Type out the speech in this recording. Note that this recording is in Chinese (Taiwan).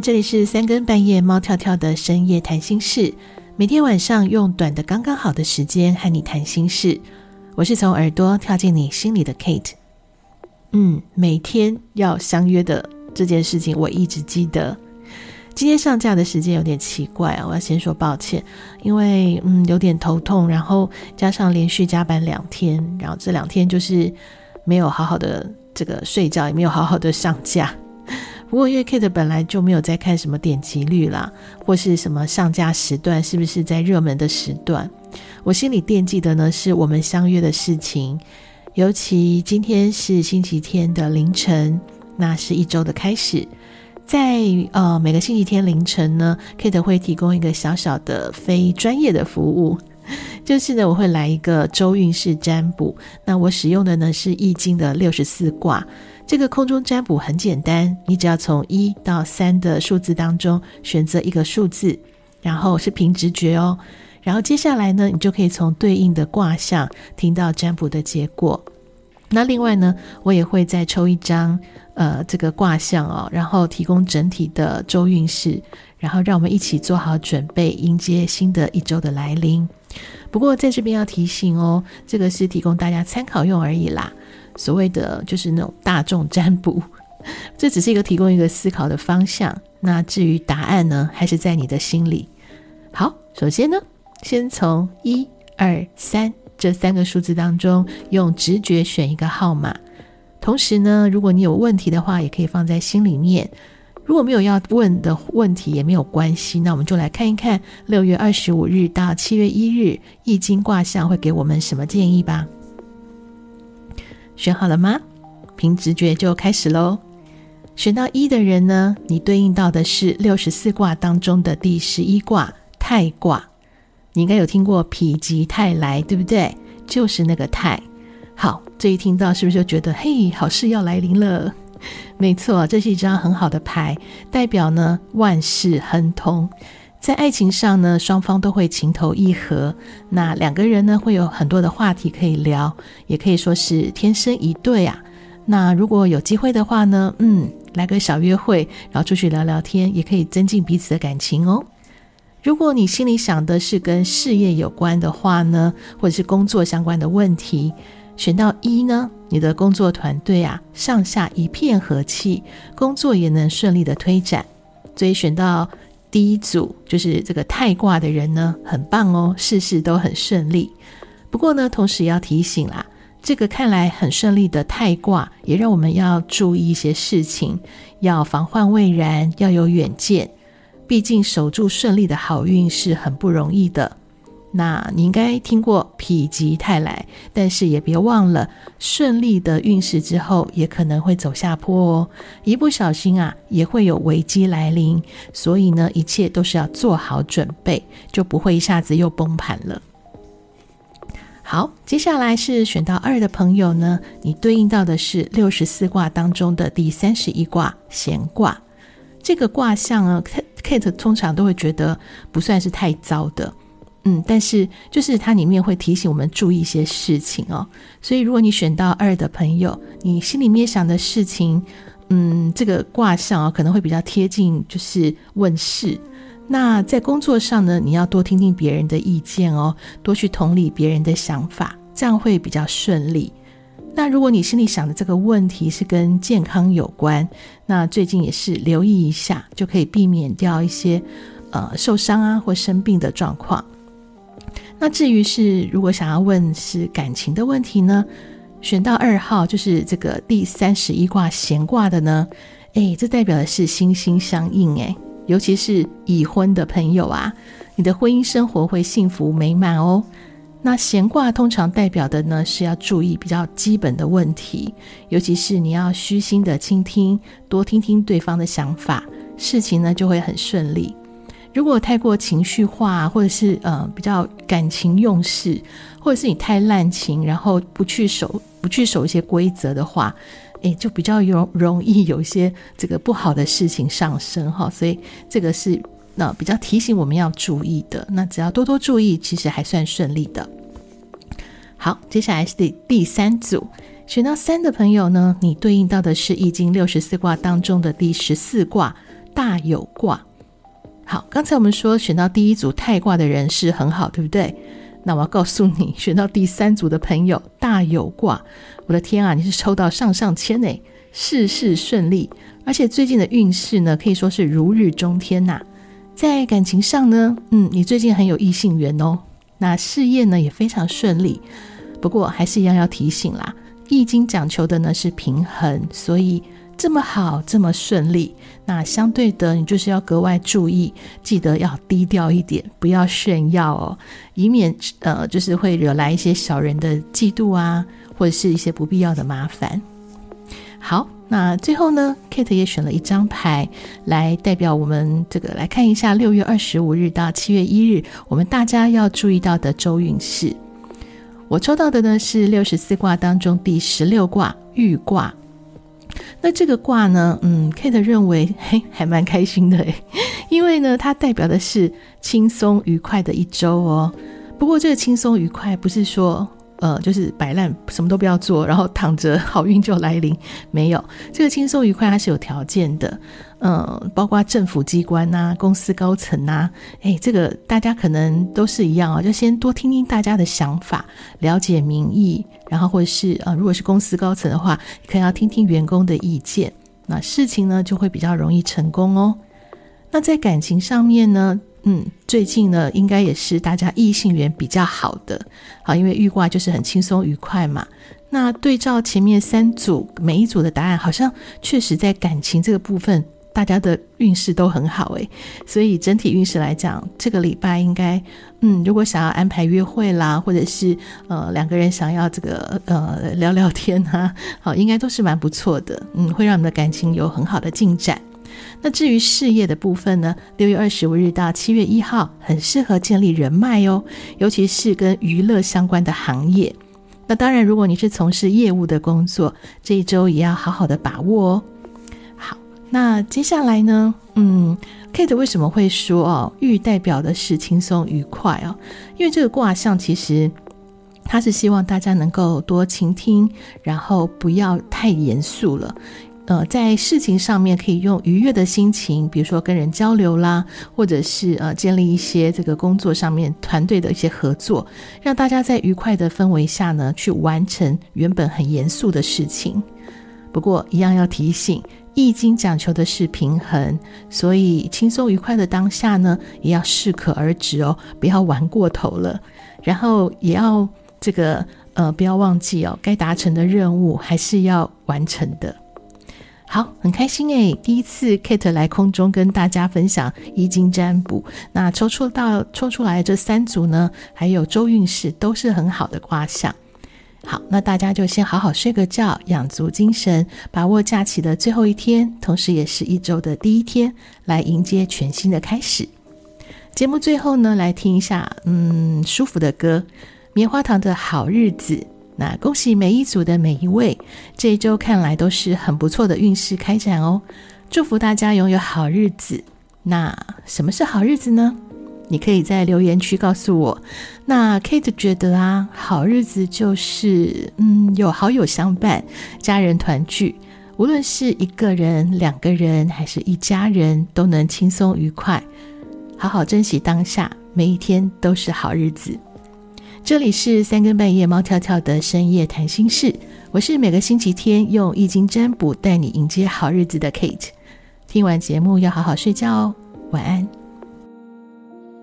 這裡是三更半夜，貓跳跳的深夜談心室，每天晚上用短的剛剛好的時間和你談心事。我是從耳朵跳進你心裡的 Kate。嗯，每天要相約的這件事情，我一直記得。今天上架的時間有點奇怪啊，我要先說抱歉，因為嗯，有點頭痛，然後加上連續加班兩天，然後這兩天就是沒有好好的這個睡覺，也沒有好好的上架。不過，因為 Kate 本來就沒有在看什麼點擊率啦，或是什麼上架時段是不是在熱門的時段，我心裡惦記的呢是我們相約的事情。尤其今天是星期天的凌晨，那是一周的開始。在呃每個星期天凌晨呢，Kate 會提供一個小小的非專業的服務，就是呢我會來一個周運勢占卜。那我使用的呢是易經的六十四卦。這個空中占卜很簡單，你只要從一到三的數字當中選擇一個數字，然後是憑直覺哦。然後接下來呢，你就可以從對應的卦象聽到占卜的結果。那另外呢，我也會再抽一張呃這個卦象哦，然後提供整體的周運勢，然後讓我們一起做好準備迎接新的一周的來臨。不過在這邊要提醒哦，這個是提供大家參考用而已啦。所謂的就是那種大眾占卜，這只是一個提供一個思考的方向。那至於答案呢，還是在你的心裡。好，首先呢，先從一、二、三這三個數字當中，用直覺選一個號碼。同時呢，如果你有問題的話，也可以放在心裡面。如果沒有要問的問題，也沒有關係。那我們就來看一看六月二十五日到七月一日《易經》卦象會給我們什麼建議吧。選好了嗎？憑直覺就開始咯。選到一的人呢，你對應到的是六十四卦當中的第十一卦泰卦。你應該有聽過“否極泰來”，對不對？就是那個泰。好，這一聽到是不是就覺得，嘿，好事要來臨了？沒錯，這是一張很好的牌，代表呢萬事亨通。在愛情上呢，雙方都會情投意合，那兩個人呢會有很多的話題可以聊，也可以說是天生一對啊。那如果有機會的話呢，嗯，來個小約會，然後出去聊聊天，也可以增進彼此的感情哦。如果你心裡想的是跟事業有關的話呢，或者是工作相關的問題，選到一呢，你的工作團隊啊上下一片和氣，工作也能順利的推展，所以選到。第一組就是這個泰卦的人呢，很棒哦，事事都很順利。不過呢，同時也要提醒啦，這個看來很順利的泰卦，也讓我們要注意一些事情，要防患未然，要有遠見。畢竟守住順利的好運是很不容易的。那你應該聽過否極泰來，但是也別忘了，順利的運勢之後也可能會走下坡哦。一不小心啊，也會有危機來臨。所以呢，一切都是要做好準備，就不會一下子又崩盤了。好，接下來是選到二的朋友呢，你對應到的是六十四卦當中的第三十一卦咸卦。這個卦象呢，Kate Kate 通常都會覺得不算是太糟的。嗯，但是就是它裡面會提醒我們注意一些事情哦。所以如果你選到二的朋友，你心裡面想的事情，嗯，這個卦象，哦，可能會比較貼近，就是問事。那在工作上呢，你要多聽聽別人的意見哦，多去同理別人的想法，這樣會比較順利。那如果你心裡想的這個問題是跟健康有關，那最近也是留意一下，就可以避免掉一些呃受傷啊或生病的狀況。那至於是如果想要問是感情的問題呢，選到二號就是這個第三十一卦咸卦的呢，誒、欸，這代表的是心心相印，誒、欸，尤其是已婚的朋友啊，你的婚姻生活會幸福美滿哦。那咸卦通常代表的呢是要注意比較基本的問題，尤其是你要虛心的傾聽，多聽聽對方的想法，事情呢就會很順利。如果太過情緒化，或者是呃比較感情用事，或者是你太濫情，然後不去守、不去守一些規則的話，哎，就比較容容易有一些這個不好的事情上身哈、哦。所以這個是那、呃、比較提醒我們要注意的。那只要多多注意，其實還算順利的。好，接下來是第第三組，選到三的朋友呢，你對應到的是《易經》六十四卦當中的第十四卦大有卦。好，剛才我們說選到第一組泰卦的人是很好，對不對？那我要告訴你，選到第三組的朋友大有卦，我的天啊，你是抽到上上籤誒，事事順利，而且最近的運勢呢可以說是如日中天吶、啊。在感情上呢，嗯，你最近很有異性緣哦。那事業呢也非常順利，不過還是一樣要提醒啦，《易經》講求的呢是平衡，所以，這麼好，這麼順利，那相對的，你就是要格外注意，記得要低調一點，不要炫耀，哦，以免呃，就是會惹來一些小人的嫉妒啊，或者是一些不必要的麻煩。好，那最後呢，Kate 也選了一張牌來代表我們這個，來看一下六月二十五日到七月一日，我們大家要注意到的週運勢。我抽到的呢是六十四卦當中第十六卦豫卦。那這個卦呢？嗯，Kate 認為嘿，還蠻開心的哎，因為呢它代表的是輕鬆愉快的一周哦、喔。不過這個輕鬆愉快不是說呃就是擺爛，什麼都不要做，然後躺着，好運就來臨。沒有，這個輕鬆愉快它是有條件的，嗯、呃，包括政府機關吶、啊、公司高層吶、啊，哎、欸，這個大家可能都是一樣啊、喔，就先多聽聽大家的想法，了解民意。然後或者是呃，如果是公司高層的話，可能要聽聽員工的意見，那事情呢就會比較容易成功哦。那在感情上面呢，嗯，最近呢應該也是大家異性緣比較好的，好，因為豫卦就是很輕鬆愉快嘛。那對照前面三組每一組的答案，好像確實在感情這個部分。大家的運勢都很好誒，所以整體運勢來講，這個禮拜應該，嗯，如果想要安排約會啦，或者是呃兩個人想要這個呃聊聊天啊，好，應該都是蠻不錯的，嗯，會讓你們的感情有很好的進展。那至於事業的部分呢，六月二十五日到七月一號，很適合建立人脈哦，尤其是跟娛樂相關的行業。那當然，如果你是從事業務的工作，這一周也要好好的把握哦。那接下來呢？嗯，Kate 為什麼會說哦，豫代表的是輕鬆愉快啊、哦？因為這個卦象其實它是希望大家能夠多傾聽，然後不要太嚴肅了。呃，在事情上面可以用愉悅的心情，比如說跟人交流啦，或者是呃建立一些這個工作上面團隊的一些合作，讓大家在愉快的氛圍下呢去完成原本很嚴肅的事情。不過一樣要提醒。易經講求的是平衡，所以輕鬆愉快的當下呢，也要適可而止哦，不要玩過頭了。然後也要這個呃，不要忘記哦，該達成的任務還是要完成的。好，很開心哎，第一次 Kate 來空中跟大家分享易經占卜。那抽出到抽出來這三組呢，還有週運勢都是很好的卦象。好，那大家就先好好睡個覺，養足精神，把握假期的最後一天，同時也是一周的第一天，來迎接全新的開始。節目最後呢，來聽一下，嗯，舒服的歌，《棉花糖的好日子》。那恭喜每一組的每一位，這一周看來都是很不錯的運勢開展哦。祝福大家擁有好日子。那什麼是好日子呢？你可以在留言區告訴我。那 Kate 覺得啊，好日子就是，嗯，有好友相伴，家人團聚，無論是一個人、兩個人還是一家人，都能輕鬆愉快，好好珍惜當下，每一天都是好日子。這裡是三更半夜，貓跳跳的深夜談心室。我是每個星期天用易經占卜帶你迎接好日子的 Kate。聽完節目要好好睡覺哦，晚安。